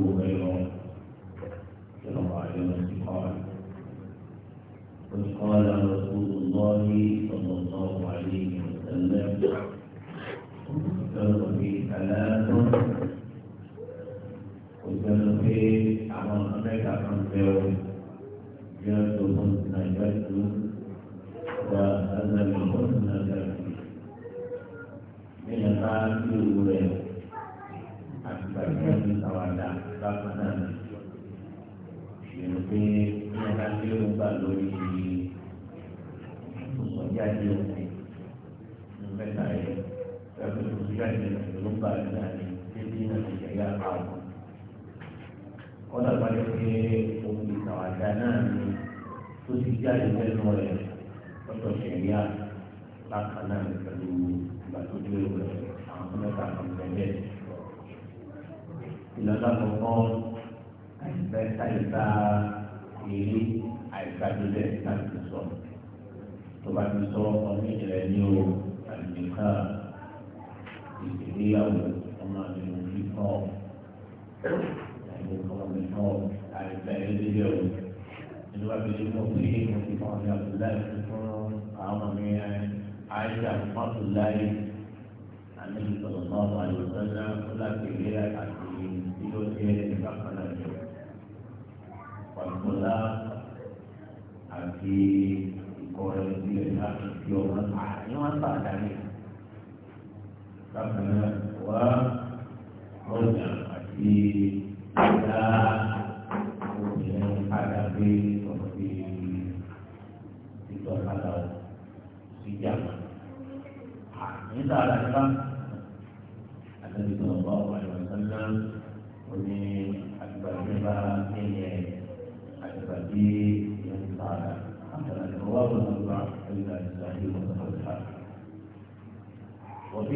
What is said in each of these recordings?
أبو هريرة jáde òfin mẹ́ta yẹ ẹgbẹ́ tó ti jáde ló bá ẹ náà ní títí náà ti yẹ̀yà àwọn. kọ́dà wáyé pé ohun ìtàwádà náà ni tó ti jáde lẹ́nu rẹ̀ lọ́tọ̀ ṣẹ̀yà lákan náà pẹ̀lú ìgbà tó dé rẹ̀ àwọn mẹ́ta kan tẹ̀lé. ìlànà àkọ́kọ́ àìsàn ìta ìrí àìsàn ìdílé láti sọ̀rọ̀ tó bá ti sọ ọmọ ìjìnlẹ̀ ní o àlùmíkà ìgbéyàwó ọmọ àlùmíkà kíkọ́ àlùmíkà ọmọ àlùmíkà ìdílé o inú wa fi mọ̀ pé mo ti kọ́ ọ̀nà àbúláì fún àwọn ọmọ mi àyíṣà fún àbúláì.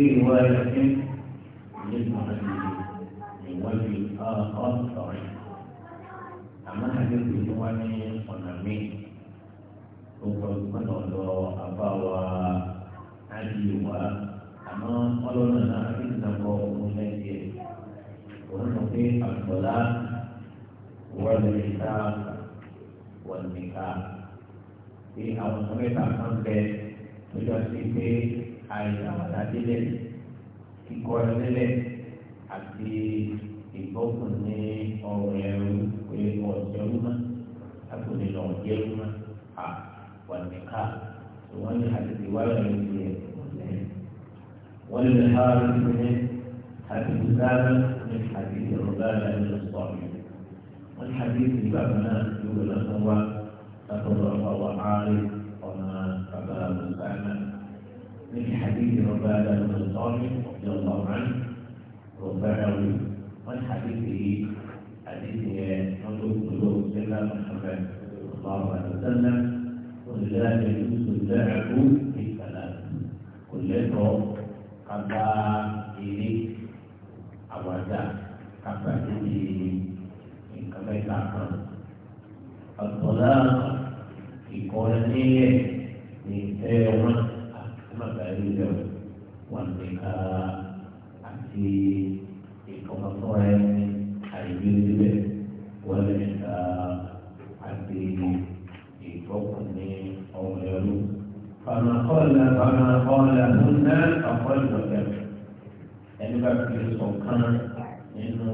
وفي رواية للمغني من وجه آخر صحيح أما حديث الجواني ونمي وقد كان أباوى علي أما قالوا لنا إنكم ملائكة ونطيع الصلاة والحساب والنكاح في أول سنة كان بيت وجدت àìsàmàtà délẹ̀ kíkọ́ délẹ̀ àti ìgbọ́kùn ní ọ̀rọ̀ ẹ̀rú pé ọ̀jẹ̀ rúmá látòlè lọ ọ̀jẹ̀ rúmá à wà nìka tí wọ́n ní àtẹ̀tẹ̀ wá lọ́yẹ̀ ní ẹ̀ ọ̀lẹ́. wọ́n lè ha lóṣù ní àtẹ̀tẹ̀ sáárà ní àtẹ̀tẹ̀ ọ̀gá rẹ̀ ní ọ̀sọ̀rọ̀ wọ́n ní àtẹ̀tẹ̀ ìgbà kan náà yóò lọ́sọ̀ wá látọ̀lọ́ ọ̀wọ̀ àárín ọ̀nà bàbá àbùsáná. من حديث ربانا بن الصالح رضي الله عنه ربانوي من حديثه حديث رسول الله سيدنا صلى الله عليه وسلم قل لا يجوز البيع في الكلام قل له kata ini awaja kata ini kebaikan Al-Qur'an من ni teman ìdàlúdà wọn lè ka àti ìkọ̀kọ̀fọ́ra ẹni àìgbé síbẹ̀ wọn lè ka àti ìfọkùnrin ọmọ ẹrú. فما قال فما قالهن فقد وجب ẹni bá fi sọ̀kan nínú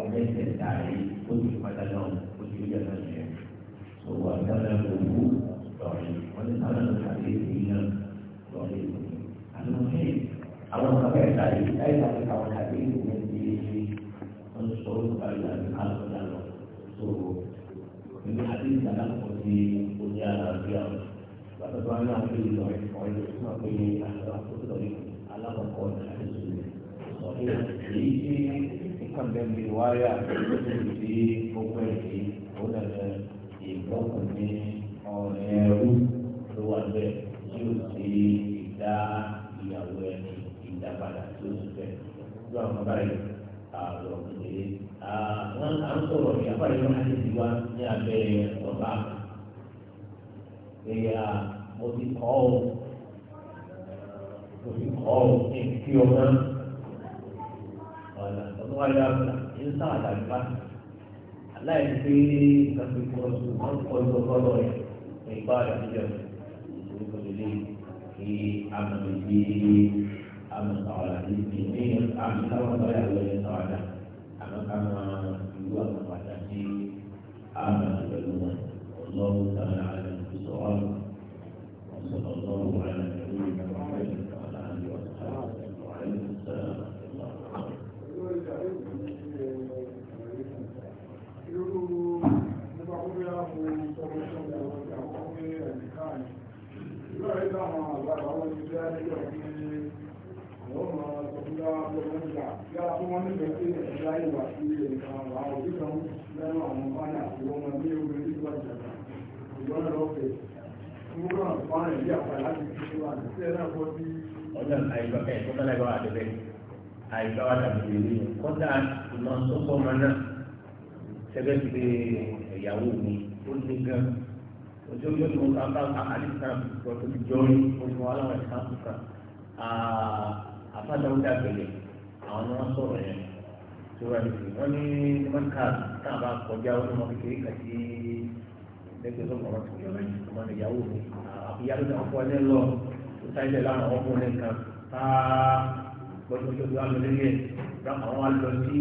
ẹlẹ́sẹ̀ tààrí ó ti padà náà ó ti rí ẹ̀ka yẹn. sọ̀wọ́ àtàlà òwú. yìí láì láti àwọn àbí ìwé ti ń sọ orúkọ àyà ní kálọ̀dà lọ tó ìwé àti ìgbàlá kan ti oní àlàáfíà bàtà tó wà ní àfihàn ìlọ ẹ̀fọ́ ìlú tó wà gbọ́ àwọn báyìí àlọ́ pé àwọn à ń sọ̀rọ̀ ní abáyé wọn àti ìdíwá ní abẹ́ ọ̀bá ẹ̀yà mo ti kọ́ ọ mo ti kọ́ ọ ní kí ọmọ ọ̀nà ọmọ ayé àgbà ní sáà àgbà aláìsí ìgbàgbé kọ́sù wọn kọ́ ẹgbẹ́ ọlọ́ rẹ̀ ní ìgbà àdàbíjọ́ ìṣòro kọ́lélé kí a mọ̀ ní bí. Allah Taala ini ini kami tahu saya Allah Taala kami kami dua kepada si Allah Taala Allah Taala Allah Taala ọjọ́ àìgbà ẹ̀ tó tẹ́lẹ̀ bá wà lẹ́bẹ̀ àìgbà wà tàbí lèlè kọ́tà ìmọ̀ sọ́kọ́ ọmọ náà sẹ́gbẹ́ ti di ìyàwó mi ó ní gan ojú ojú ojú ọ̀gá bá àkàlì kan tó ti jọrin oṣù wa láwọn ẹ̀ka kan àfàdàwọ̀ dàgbẹ̀lẹ̀ àwọn ni wọ́n sọ̀rọ̀ yẹn tó wà ní ìlú wọ́n ní mẹ́ka tá a bá kọjá ó ní wọn kékeré kàtí lẹ́gbẹ̀ẹ́ tó kọ̀ọ̀rọ̀ tó yọrọ yìí tó máa ní ìyàwó mi àbíyáwó náà fọ́ ẹ lọ tó sáyẹ́ láwọn ọkùnrin kan tá a gbọ́dọ̀ tó wà lórí yẹn àwọn alọ sí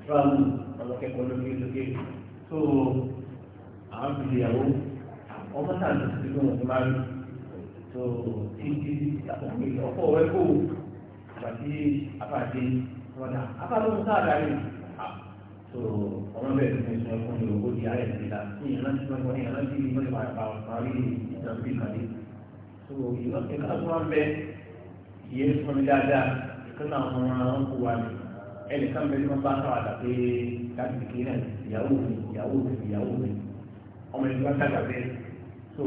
tíráàmù àwọn akẹ́kọ̀ọ́ lókè lókè tó àwọn ìyàwó ọmọ sáà lọ sí ìlú wọn tó máa rí tó tí ọkọ̀ rẹ àbàtí àbàdé rọ́dà àbàlóhùn sáàdà rẹ̀ tó ọmọ bẹ́ẹ̀ tó ní sọ fún mi òkú di ààrẹ ìdílà ní ìrántí mọ́tò ní ìrántí mọ́tò parí ìjọba ìkàdé tó ìrántí kan tó wọn bẹ ìyẹn fún mi dáadáa kí náà wọn máa ń kú wa ni ẹnìkan bẹ ní wọn bá sọ̀rọ̀ àdá pé láti kékeré náà ìyàwó mi ìyàwó mi ìyàwó mi ọmọ ìgbà sàgbà bẹ́ẹ̀ tó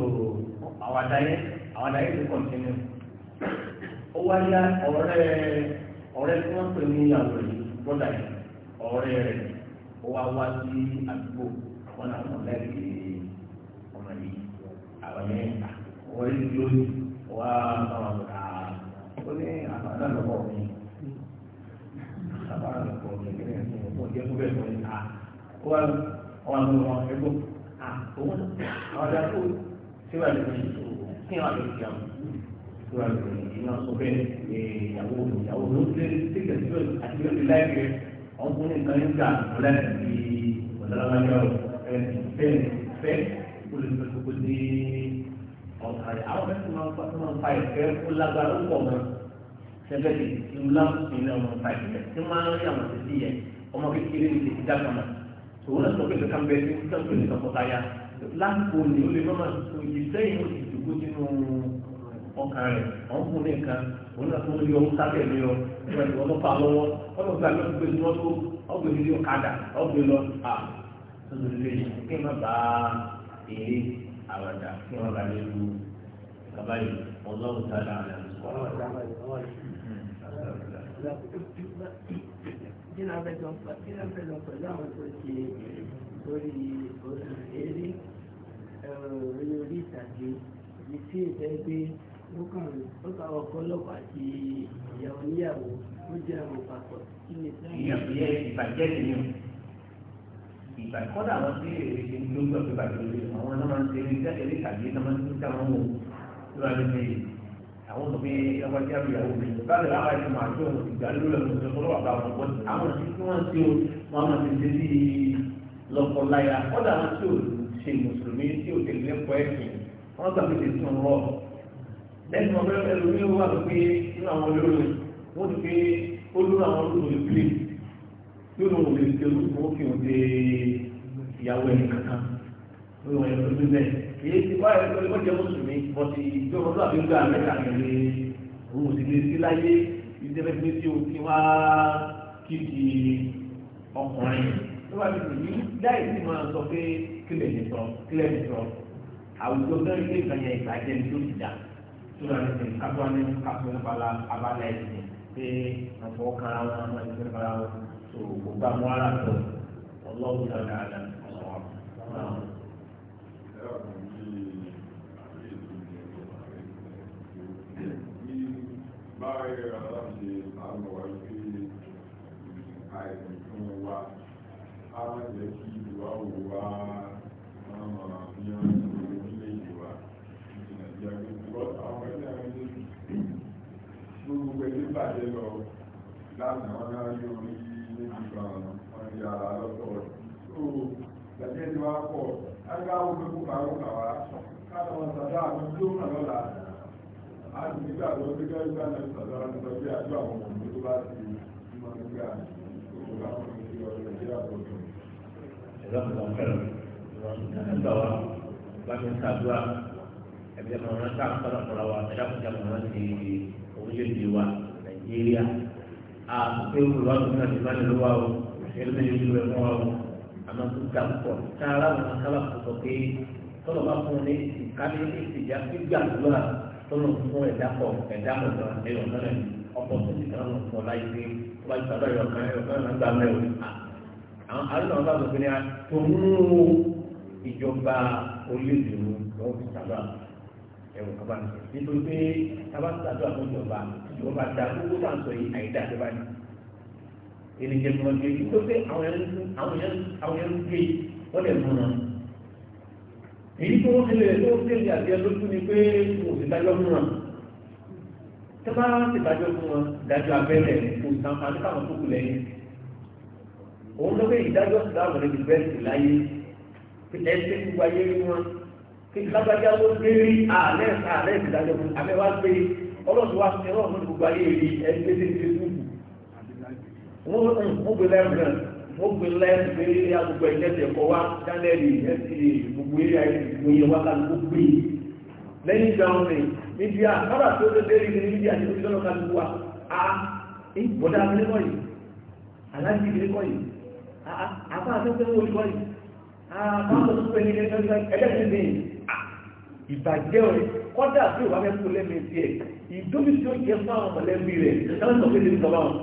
àwọn àdáyé àwọn àdáyé ó wá yá ọ̀rẹ́ ọ̀rẹ́ tí wọ́n pè ní ìyàwó rẹ̀ bọ́dà yìí ọ̀rẹ́ rẹ̀ ó wá wá sí àdúgbò wọn àwọn ọ̀lẹ́rìí ọmọ yìí àwọn yẹn wọ́n yí lórí wá báwọn ọ̀gá ó ní àbádà lọ́wọ́ mi àbádà lọ́wọ́ mi kí ni ẹ̀sìn ọ̀pọ̀ jẹ́ fún bẹ́ẹ̀ fún mi à ah, ó wá wọn lọ wọn ẹgbẹ́ à ah, òun àwọn ọ̀dà tó síwájú mi kí wọ́n lè fi àwọn tó a lò iná sọ bẹ́ẹ̀ ìyàwó ìyàwó ló ń tẹ́lẹ̀ tẹ́lẹ̀ tí ó àti ó ti láìpẹ́ ọkùnrin kan ń gbà ọ̀la ti ọ̀dọ́lábàjọ́ fẹ́ fẹ́ olùdókòkò ní ọ̀ka rẹ̀ àwọn mẹ́tò máa ń fa máa ń fa ìfẹ́ ó lágbára ó pọ̀ mọ́ sẹ́fẹ̀tì tí ó láwùjọ ní ọmọ fa ìfẹ́ tí máa ń rí àwọn ti di yẹ ọmọ kékeré ní lásìkò ní olè mọ́mọ́ òjì sẹ́yìn ó ti dùkú sínú ọkàn rẹ̀ àwọn fún ní nǹkan òun náà tó ń yọ sábẹ̀ mi lọ nígbà tí wọ́n tó fa lọ́wọ́ ọ̀dọ̀ gba lọ́dún pé wọ́n tó ọgbẹ́ nílé ọ̀kadà ọgbẹ́ lọ à tuntun lè kí n má ba eré àwàdà kí n má ba lè lu bàbá yìí ọlọ́run tá a dà rẹ̀ kí ni a fẹ́ lọ pẹ̀lú àwọn tó ṣe lórí eré orí ìtàgé ibi tí ìfẹ́ gbé ó kàn ó kà ọkọ ọlọ́pàá àti ìyá oníyàwó ó jẹ́ àwọn papọ̀ kí ni sẹ́yìn. ìbàjẹ́ ti ní ìgbà kọ́dà àwọn tí èrè ṣe ń lójú ọ̀pẹ̀ bàjẹ́ lórí àwọn náà máa ń ṣe ní sẹ́yìn ní kàgbé náà máa ń tún sáwọn wò tó bá lóde àwọn tó fi ọgbàjẹ́ àbíyàwó mi báyìí láwọn àti màá tó ìgbà lórí ọ̀pẹ̀ tó lọ́wọ́ àbá wọn pọ̀ àwọn tí wọ́n ti o wọ́n máa ti ṣe sí lọ́kọ̀ láyà kọ́dà àwọn tí ò ṣe mùsùlùmí tí ò tẹ̀lé ẹ̀kọ́ ẹ̀sìn wọ́n gbà pé tẹ̀sán rọ̀ lẹ́yìn ọ̀pẹ́ ẹlò ní wà ló pé nínú àwọn olóòrùn wọ́n ti pé ó lórí àwọn olóòrùn lè pè yóò lóun lè ṣe olùkọ́ kí òun ṣe ìyàwó ẹni kankan ó yọ ẹ̀rọ ní bẹ́ẹ̀ èyí ti wá ẹ̀rọ ní wọ́jẹ́ mùsùlùmí bọ́tì ìjọba tó àbí gbà mẹ́ta kẹlẹ́ òun sì lè sí láyé ìdẹ́fẹ́ tí tí o ti wá kí di ọkùnrin ló wà níbi yìí láì sí máa sọ pé kílẹ̀ nìkan kílẹ̀ nìkan àwùjọ tóra ní sèé kápẹ́ wọn ní kápẹ́ wọn bala abala ẹ̀sìn pé àfọwọ́ kan ara wọn àwọn ìṣẹ́ kan ara wọn tó gbogbo àwọn ará tó ọlọ́wọ́ náà dáadáa ọ̀sán wa. lọ láti wọn náà yóò rí méjì kan wọn di ara lọ́tọ̀ tó gbàgbé tí wọ́n pọ̀ lágbá wọn pé kó kàwé kàwá káàtà wọn sàdá àti tó mà lọ́la a sì ní gbàgbọ́ pé kẹ́rì bá náà sàdá wọn sọ pé àjọ àwọn ọmọ tó bá ti mọ nígbà tó kó bá wọn ti ọ̀rọ̀ nàìjíríà tó tó. ẹ̀rọ mi kàn fẹ́ràn nígbà wa bá mi sàdúrà ẹ̀bí ẹ̀mọ̀ rántà fọlọ́fọlọ́ wa ẹ̀dá kọjá mọ̀ rántì orílẹ̀-èdè wa nàìjíríà àti olùwádìí náà ti bá nílò wa o ẹgbẹ́ ìlú rẹ̀ mọ́ wa o àmọ́ tó ga pọ̀ tá a rà wọn kálá kó sọ pé tọ́lọ̀ bá fún un ní ìkálé ìsìjà gbígbà lọ́la tọ́lọ̀ fún ẹ̀dá pọ̀ ẹ̀dá pọ̀ lọ́la ẹ̀yọ̀ náà ọ̀pọ̀ tó ti kàn án lọ́la láì pé wọ́n bá ti sàdọ̀ ẹ̀yọ̀ kan ẹ̀yọ̀ kan náà gbà mẹ́rin àwọn àlọ́ bá gbogbo ní a tó mú ìjọba orílẹ̀-èdè wọn fi sàdọ̀ ẹ̀wọ̀n kaba ní nítorí pé kaba ń sàdúrà fún ìjọba ìjọba da owó tá à ń sọ yìí àyídá tó bá ní. ènìjẹ mọ gbé nítorí pé àwọn yẹn ń gbé wọ́n lè mú wọn. èyí tó ń lè tó ń tẹ̀lé àti ẹ lójú ni pé kò sí dájọ́ fún wọn. tó ti dájọ́ fún wọn dájọ́ abẹ́rẹ́ kò sàn àti káwọn tó kù lẹ́yìn. òun ló ìdájọ́ sùdáàmù rẹ̀ ti bẹ́ẹ̀ sí láyé ẹsẹ̀ gbogbo ayé wọn lágbájá ló gbé rí ààrẹ ààrẹ ìdájọ́ fún abẹ́wá gbé ọlọ́dún wa ṣe ọlọ́dún gbogbo ayé rí ẹgbẹ́ tí ti fún un wọ́n gbé lẹ́gbẹ̀rẹ̀ wọ́n gbé lẹ́gbẹ̀rẹ̀ eré agbègbè ẹ̀jẹ̀ ẹ̀kọ́ wa dánẹ́rì ẹ̀sì gbogbo eré ayé gbogbo yẹn wá kálukú gbé lẹ́yìn ìgbà wọn rìn níbi à kábà tó lé lérí ní níbi àti níbi lọ́nà kálukú wa a ìbọ̀dá abẹ́rẹ́kọ̀ yìí ìbàjẹ́ rẹ̀ kọ́dà tí ò bá fẹ́ kó lẹ́mìí sí ẹ̀ ìdóbi tí ó jẹ fún àwọn mọ̀lẹ́bí rẹ̀ táwọn sọ pé lè sọ báwọn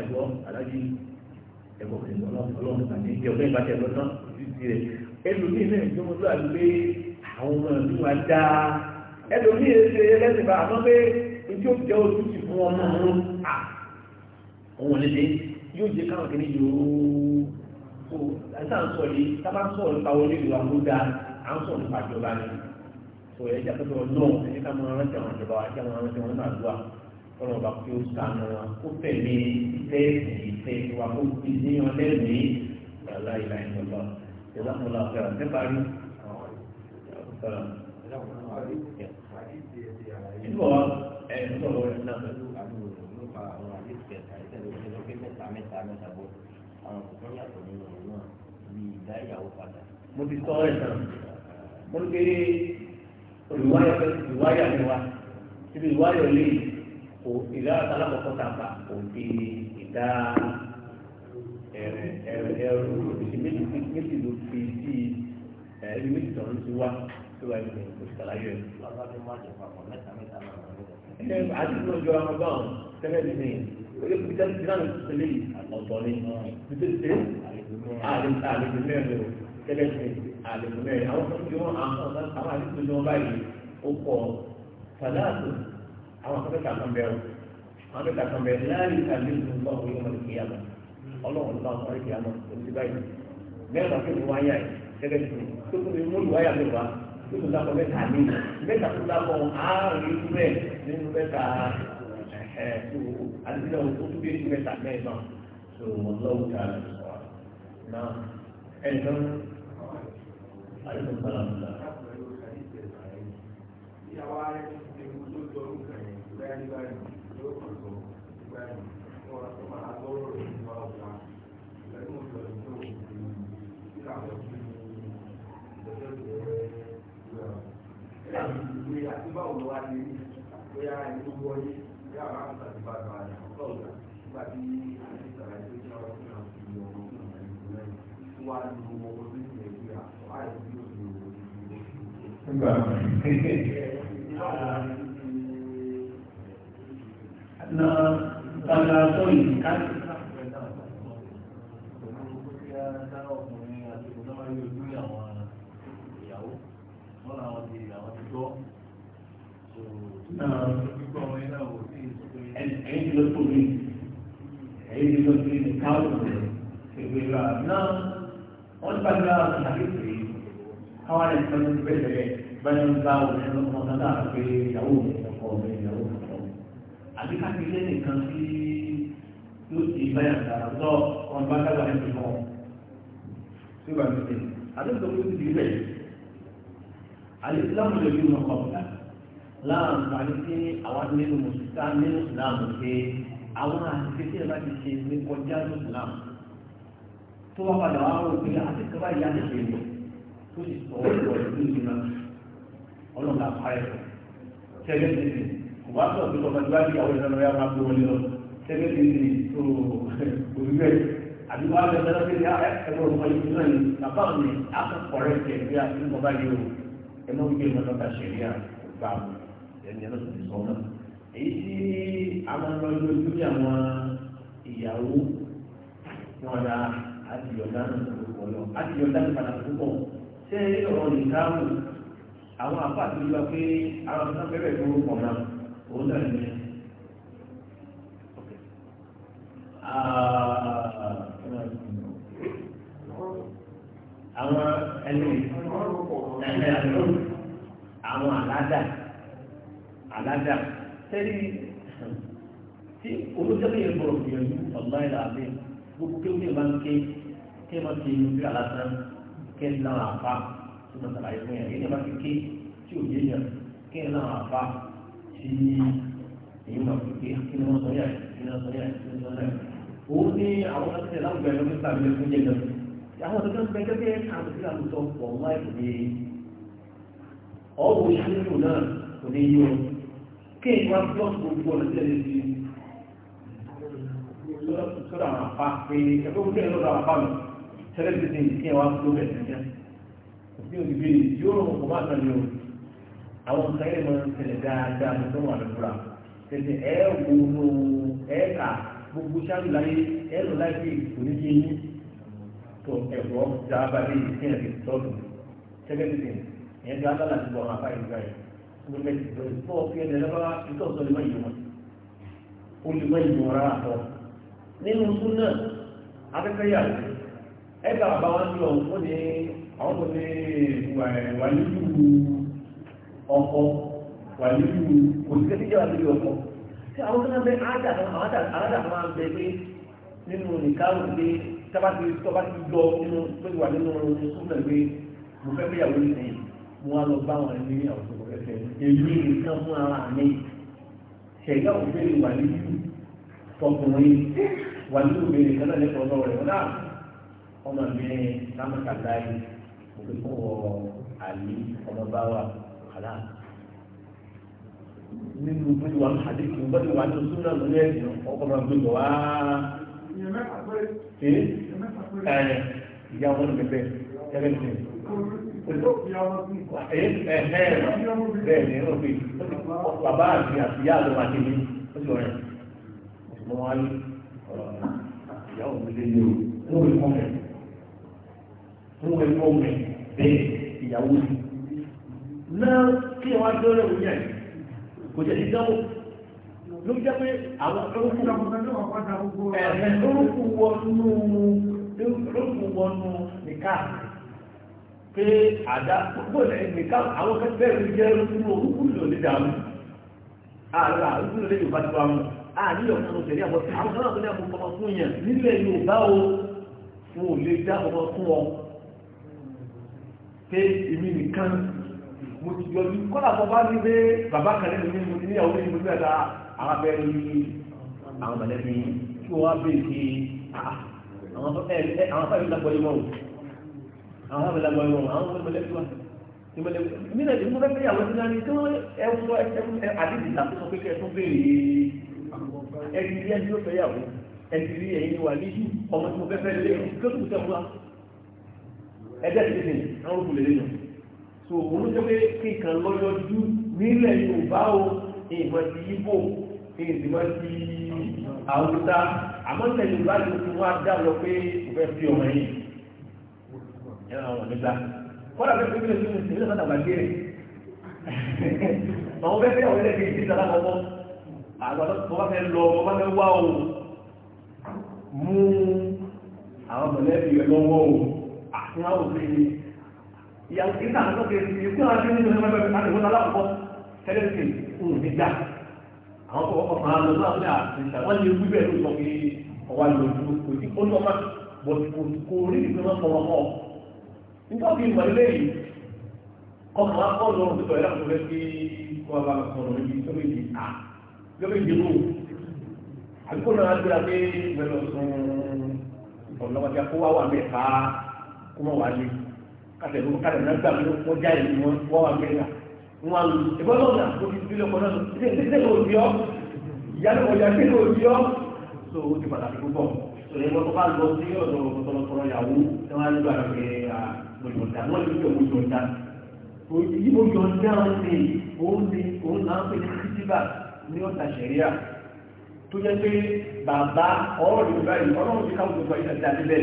ẹ̀bọ́ alájí ẹ̀bọ́ ọlọ́run àti ìjẹ́ ọ̀gbẹ́ ìbàjẹ́ lọ́nà títí rẹ̀ ẹlòmíì náà ìjọ mo lọ́wọ́ pé àwọn ọmọ ìlú wa dá ẹlòmíì ṣe lẹ́sìn bá àmọ́ pé ìjọ jẹ́ ojú ti fún ọmọ ọ̀run à òun lè dé yóò jẹ káwọn kìíní yòó àti à ń sọ yìí tábà ń sọ̀rọ̀ nípa wọlé ìlú àkúdà à ń sọ̀rọ̀ nípa ìjọba nìyí tó yẹ jẹ́ pẹ́lú ọlọ́run ẹ̀yẹ́ ká máa rántí àwọn ìjọba àti àwọn rántí wọn náà lùwà kọ́nà ọba kí ó sànù wọn kó tẹ̀lé ìfẹ́ ìfẹ́ ìwà kó fi ní wọn lẹ́rìí ìgbàlá ìlà ìjọba ìjọba kan lọ fẹ́ràn nípa rí fẹ́ràn. ìbọ̀ ẹ̀ ń sọ̀rọ̀ rẹ̀ náà pẹ̀lú àdúgbò rẹ̀ nípa àwọn àdéhùn kẹta ìtẹ̀lé mo ti sọ ẹ̀ tán mo ń gbé olùwáyọ̀ ìwáyọ̀ ni wa ibi ìwáyọ̀ lè kò ìdá alákọ̀ọ́kọ́ ta pa kò di ìdá ẹ̀rọ òṣìṣẹ́ méjì méjì ló fi sí ẹ̀rí méjì tọ̀rọ̀ sí wa tí wàá ní òṣìṣàlàyé rẹ̀. ẹ àti ìlú ọjọ́ amagán tẹ́lẹ̀ ni? oye kúta ti náà tẹ́lẹ̀ ọ̀tọ̀ ni títí tẹ́ àlejò mẹ́rin o tẹ́lẹ̀ ṣe àlùkò mẹ́rin àwọn tó ń fi wọn àwọn ọ̀sán àwọn àdìsí lọ́wọ́ báyìí ó kọ fàdáàtò àwọn akẹ́kọ̀ọ́ kan bẹ̀rù àwọn akẹ́kọ̀ọ́ kan bẹ̀rù láàrin àdìsí lọ́wọ́ òye wọn kì í yàgbà ọlọ́run ló bá wọn kì í yàgbà òsì báyìí mẹ́rin àti ìwọ ayá yìí tẹ́lẹ̀ ṣe tó kún mi mú ìwọ ayá mi wá tó kún lápọ̀ mẹ́ta mi mẹ́ta tó lápọ̀ àárín bẹ́ẹ̀ nínú mẹ́ta ẹ̀ẹ́dùn àdìsí lọ́wọ́ tó tún bí ẹ̀dọ́ àìsàn bóyá ìlú wọlé bí àwọn àgbàlagbà àgbàlagbà ọgbà ìgbà tí àti ìgbà tí ó jẹ́ ọdún náà wá ní owó ní nàìjíríà láì sí òní owó ní ìlú. na tàbí àtọ́ yìí ká Ẹ̀yìn tí ló tóbi, ẹ̀yìn tí ló tóbi ní káwọ̀ ìgbéra náà wọ́n ti pàdé láwọn ọ̀sán àti ìpè káwọn ẹni tó ti pè lẹ́yẹ bẹ́ẹ̀ ń bá òun ẹni ọmọ náà náà pé ìyàwó mi ọkọ mi ìyàwó mi ọkọ mi. àbí káfí ilé nìkan sí yóò ti báyà ń dára lọ wọn bá dábàá ẹni tó wọn. sí ìgbà mi sèé àti ìtọ́ tó ti di bẹ́ẹ̀. àlè ìsìlámù lè bí wọn kọ̀ọ̀kan láàmú àti àwọn nínú mùsùlùmí àwọn àti kékeré láti ṣe tó wá padà wá wọ́n pé àti kaba yìí àti ṣe lò tó sì sọ ọ̀rọ̀ ìlú ìlú náà ọlọ́run àpá ẹ̀ tẹ́lẹ̀ tẹ́lẹ̀ kò bá sọ̀ pé ọba tí wá sí àwọn ìlànà ya máa gbé wọlé lọ tẹ́lẹ̀ tẹ́lẹ̀ tó olùgbẹ́ àbí wá lọ sọ́dọ̀ pé ẹgbẹ́ ọmọ yìí náà ni bàbá mi àkọ́kọ̀rẹ́ tẹ̀ bí a ti ń bọ́ báyìí o ẹ mọ́ wípé ìmọ̀ lọ́ta ṣẹ̀rí à gbà mọ́ ẹni ẹ̀rọ sì ti sọ náà èyí tí àwọn ọmọ ìlú ìyàwó wọn dáa àti yọ̀dánù lórúkọ lọ àti yọ̀dánù padà púpọ̀ ṣé ọ̀rọ̀ nìkáàmù àwọn àpá àti ìjọba pé àwọn ọ̀sán bẹ̀rẹ̀ tó rúkọ náà òun náà ní. àwọn ẹni ẹ̀ẹ́dẹ́ àdúró àwọn àládà àládà tẹ́lẹ̀ tí olójọ́ yẹn bọ̀rọ̀ gbìyànjú ọ̀gbá ìlà àbẹ́ gbogbo kéwòn yẹn bá ń ké kí ẹ má ti inú bí alásán kí ẹ ti láwọn àfa tí mo sàlàyé fún yẹn kí ẹ má ti ké tí ò yé yẹn kí ẹ láwọn àfa tí èyí má fi ké kí ni wọ́n sọ yẹn ni wọ́n sọ yẹn kí ni wọ́n sọ yẹn. òun ní àwọn ọ̀sẹ̀ tẹ̀lé láwùjọ ẹ̀rọ nípa ìlú ẹ̀kọ́ yẹn lọ́wọ́ àwọn ọ̀sẹ̀ tẹ̀lé gẹ́gẹ́ àti àlùsọ pọ̀ wáyé kò ní ọ̀wọ̀ ìṣẹ́lẹ̀ náà kò ní yí o kí tẹ́lẹ̀tì ní ìsìn àwọn tó bẹ̀ tẹ́lẹ̀ òbí òbí bí yóò rọrùn kò máa tẹ̀lé o àwọn nǹkan yẹn máa ń tẹ̀lé dáadáa mo fẹ́ràn àdúrà tẹ̀lé ẹ̀ wò ó ẹ̀ kà gbogbo sáré láyé ẹ̀ lọ láyé kò ní yé yín tó ẹ̀wọ́ dábàdé ìsìn ẹ̀ tọ́lù tẹ́lẹ̀tì ní ìyẹn ti alára ti bọ̀ àpá ìgbà yẹn gbogbo ẹ̀ tó lè má yé wọn ó ẹgbà bàbá wọn ní ọ̀hún ó ní àwọn kò ní wàlúù ọkọ wàlúù òṣìṣẹ́ tí jẹ́ wàlúù ọkọ tí àwọn kan bẹ aládàá máa bẹ pé nínú nìkárò pé tábàtì tọ́bàtì jọ nínú pé wà nínú súnmọ̀ pé mo fẹ́ gbéyàwó nìyẹn mo wá lọ bá wọn ní àwọn tó kọ̀ nìkan fún ara mi ṣẹ̀dá òfin wàlúù tọkùnrin wàlúù mi nìkan náà lẹ́kọ̀ọ́ lọ́wọ́ rẹ̀ ọmọ mi kámẹ́kàtà yìí mo fi kó wọ àlè ọmọ bá wà kàlá nínú gbèdé wa àti kí n gbọ́dọ̀ wà tó súnà lórí ẹ̀sìn ọkọ̀ máa gbèdè wá. ìyá ọmọ mi bẹ́ẹ̀ tẹ́lẹ̀ mi. ni ó fi bàbá àti àtìyá àti màtí mi ó sọ rẹ̀ mo wá ní ìyá òun lé ní o fún ẹgbẹ́ ọmọ ẹ̀ bẹ́ẹ̀ ìyàwó ni náà kí ẹ wá dọ́rẹ̀ òun yẹn kò jẹ́ ìdánwò ló jẹ́ pé àwọn orúkú wọnú orúkú wọnú nìka pé àdá gbogbo ẹ̀ nìka àwọn kẹfẹ́ rẹ̀ jẹ́ orúkú lò ní dàmú àrà orúkú lò ní Yorùbá ti mú àníyàn kan ló tẹ̀lé àwọn àwọn kan náà tó fún yẹn nílẹ̀ Yorùbá o fún òlé dá ọmọ fún ọ pé èmi nìkan mo ti yọjú kọ́lá tó bá ní pé bàbá kan nínú nínú ní ìyàwó nínú bí ẹ̀dá àwọn abẹ́rẹ́ àwọn mọ̀lẹ́bí tí wọ́n wá bèèrè pé ah, ah, àwọn fáìlì lágbọ́ yìí mọ́ àwọn fáìlì lágbọ́ yìí mọ́ àwọn mọ̀lẹ́bí wa mílẹ̀ tí mo fẹ́ fẹ́ yàwó sílẹ̀ ní tó ẹ̀fọ́ àdìsí ìtàkùsọ pé kẹ́ tó bèèrè ẹni bí ẹni tó fẹ́ yàwó ẹni bí ẹ̀yin wà ní ọmọ tí mo ẹgbẹ́ ti tètè àwọn olùkù lè lẹ́yìn so òun ló jẹ́ pé kíkan lọ́yọ́ nílẹ̀ yorùbá o èèmọ̀ ti yíbò èèmọ̀ ti àwùjá àmọ́ nílẹ̀ yorùbá ló ti wá dá lọ pé o fẹ́ fi ọmọ yìí ẹ̀rọ àwọn nígbà kọ́lá fẹ́ fẹ́ fi ọmọ ìṣẹ̀lẹ̀ náà bàgbé rẹ̀ àwọn fẹ́ fẹ́ ọ̀rẹ́ kejì ti sára kọ́kọ́ àwọn ọba fẹ́ lọ ọba fẹ́ wá o mú àwọn mọ̀lẹ́bí rẹ̀ lọ́wọ́ o fún àwọn òbí mi ìyàwó kìí sàn tó kéré ìyókù náà ti ní ìlú ẹgbẹ́ láti wọ́n alákọ̀ọ́ tẹ́lẹ̀ sí òun ní gbà àwọn tó kọ́kọ́ kan lọ láwọn àti ìṣàwọn ní ewu bẹ́ẹ̀ ló sọ pé ọwọ́ àlòjù kò sí kó lọ́mà bọ̀ kò kò rí ìgbẹ́ wọn fọwọ́ kọ́ nítorí ìmọ̀ ilé yìí ọmọ akọ́ lọ́rùn tó tọ̀yẹ́ láti fẹ́ kí wọ́n bá sọ̀rọ̀ níbi tó lè di à lórí ìdíwò àbíkó náà á gbéra pé ìgbẹ́ lọ sùn ọ̀nà ọjà kó wá wà mẹ́ta kó mọ̀ wá lé kátẹ̀ ló kátẹ̀ náà gbà ló wọ́n já ìlú wọn wọ́n wá gbẹ́gà wọn wá lu ìbọn náà nà kó fi bí lọ́kọ̀ náà ṣe ṣe ṣe kò bí ọ́ ìyá ló kọjá ṣe kò bí ọ́ so ó ti pàtàkì púpọ̀ so ẹ lọ́kọ́ bá lọ sí ọ̀dọ̀ tọ̀tọ̀tọ̀rọ̀ yàwó ẹ wá nígbà pé àgbẹ̀yọ̀dá wọ́n ti gbẹ̀ mọ́jọ̀dá mọ́jọ̀dá ni òun ni òun náà pè ní ọ̀tà ṣẹ̀ríà tó jẹ́ pé bàbá ọ̀rọ̀ yorùbá yìí ọlọ́run ti ká gbogbo ìṣẹ̀dá níbẹ̀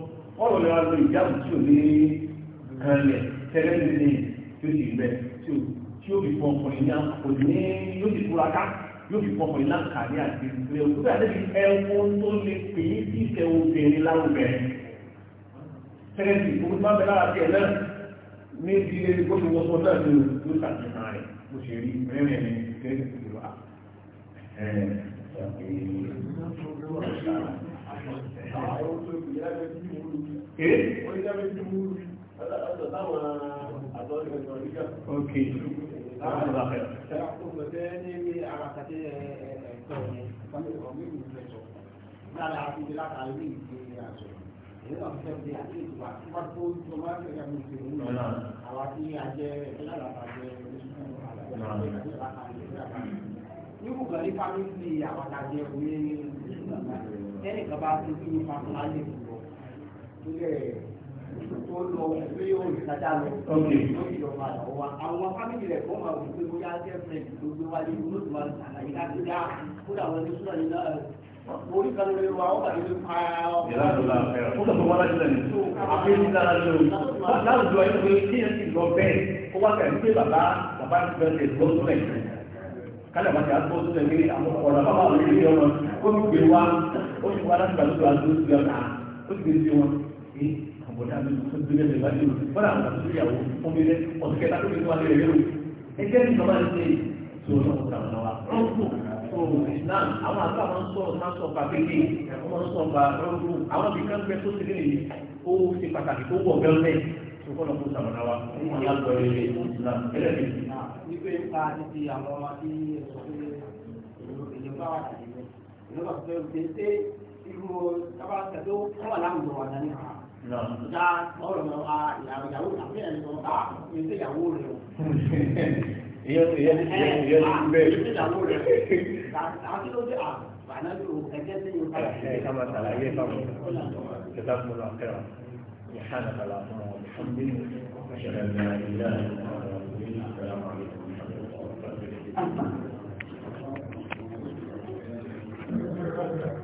bọ́ọ̀lù lè wá lo ìjáàbù tí ò ní kanlẹ̀ tẹ́lẹ̀ nílé tí ó sì rẹ̀ tí ó fi fún ọkùnrin náà kò ní yóò sì fúra ká yóò fi fún ọkùnrin náà kà ní àti ìpínlẹ̀ òkú àti ẹwọ tó lè pè é sí ìfẹ́ obìnrin láwùjẹ. tẹ́lẹ̀ tí ìfowó tó bá bẹ lára tiẹ̀ náà ní ibi ilé bó ti wọ́pọ̀ náà ló ló ṣàtìmọ́ rẹ̀ bó ṣe rí mẹ́rin ẹ̀mí tẹ́lẹ̀ tó wà. Thank you. Nígbò gbẹ̀rí fámílì àwọn àjẹ́ òun ní ẹnìkan bá ti bí ìfàkùnlá lè fún ilé tó lọ pé yóò rí kájà lọ ló ti lọ́ọ́ padà wá àwọn fámìlì rẹ̀ kọ́ máa wò pé bóyá jẹ́ fẹ́ẹ̀dì tó gbé wálé ló ti wá àlàyé láti dá kódà wọn ní súnà nínú orí kan lórí wa ó bàjẹ́ ló pa ọ́. ìlà tó la fẹ́ ó kàn tó wá lájú lẹ́nu àbí ní dára ló láwùjọ ayé pé kí ẹ ti lọ bẹ́ẹ̀ kó wá kàrí pé bàbá bàbá ti bẹ́ẹ̀ lè gbọ́ tó lẹ̀ kálẹ̀ wájú àgbọ̀ tó lẹ̀ pé àwọn ọ̀rọ̀ bàbá wọn lè rí ọmọ kó gbé wa ó ti wá láti gbàdúrà tó ti gbé ọ̀nà ó ti gbé sí wọn pé àbọ̀dá mi tó gbélé mi wájú fọ́nà àwọn àti ìyàwó omílẹ̀ ọ̀sẹ̀kẹta tó fi wá lé rẹ̀ ẹgbẹ́ mi bàbá ń ṣe tó lọ́wọ́ ta ọ̀nà wa rọ́ọ̀bù tó Islam àwọn àti àwọn sọ̀rọ̀ máa sọ̀ pa kéde ẹ̀kọ́ máa sọ̀ pa rọ́ọ̀bù àwọn bí kan gbẹ tó ti lé yìí ó ṣe pàtàkì tó wọ̀ gẹ́lẹ́ tó kọ́nà kó sàmọ̀nà wa fún alágbọ̀ ilé Islam ẹlẹ́gbẹ̀ẹ́ nígbà nípa títí àwọn ọmọ tí ẹ̀sọ́ pé ìjọba wà tàbí ìjọba tó fẹ́ ṣe irú tábàtà tó wà láwùjọ wà dání ìjà ọ̀rọ̀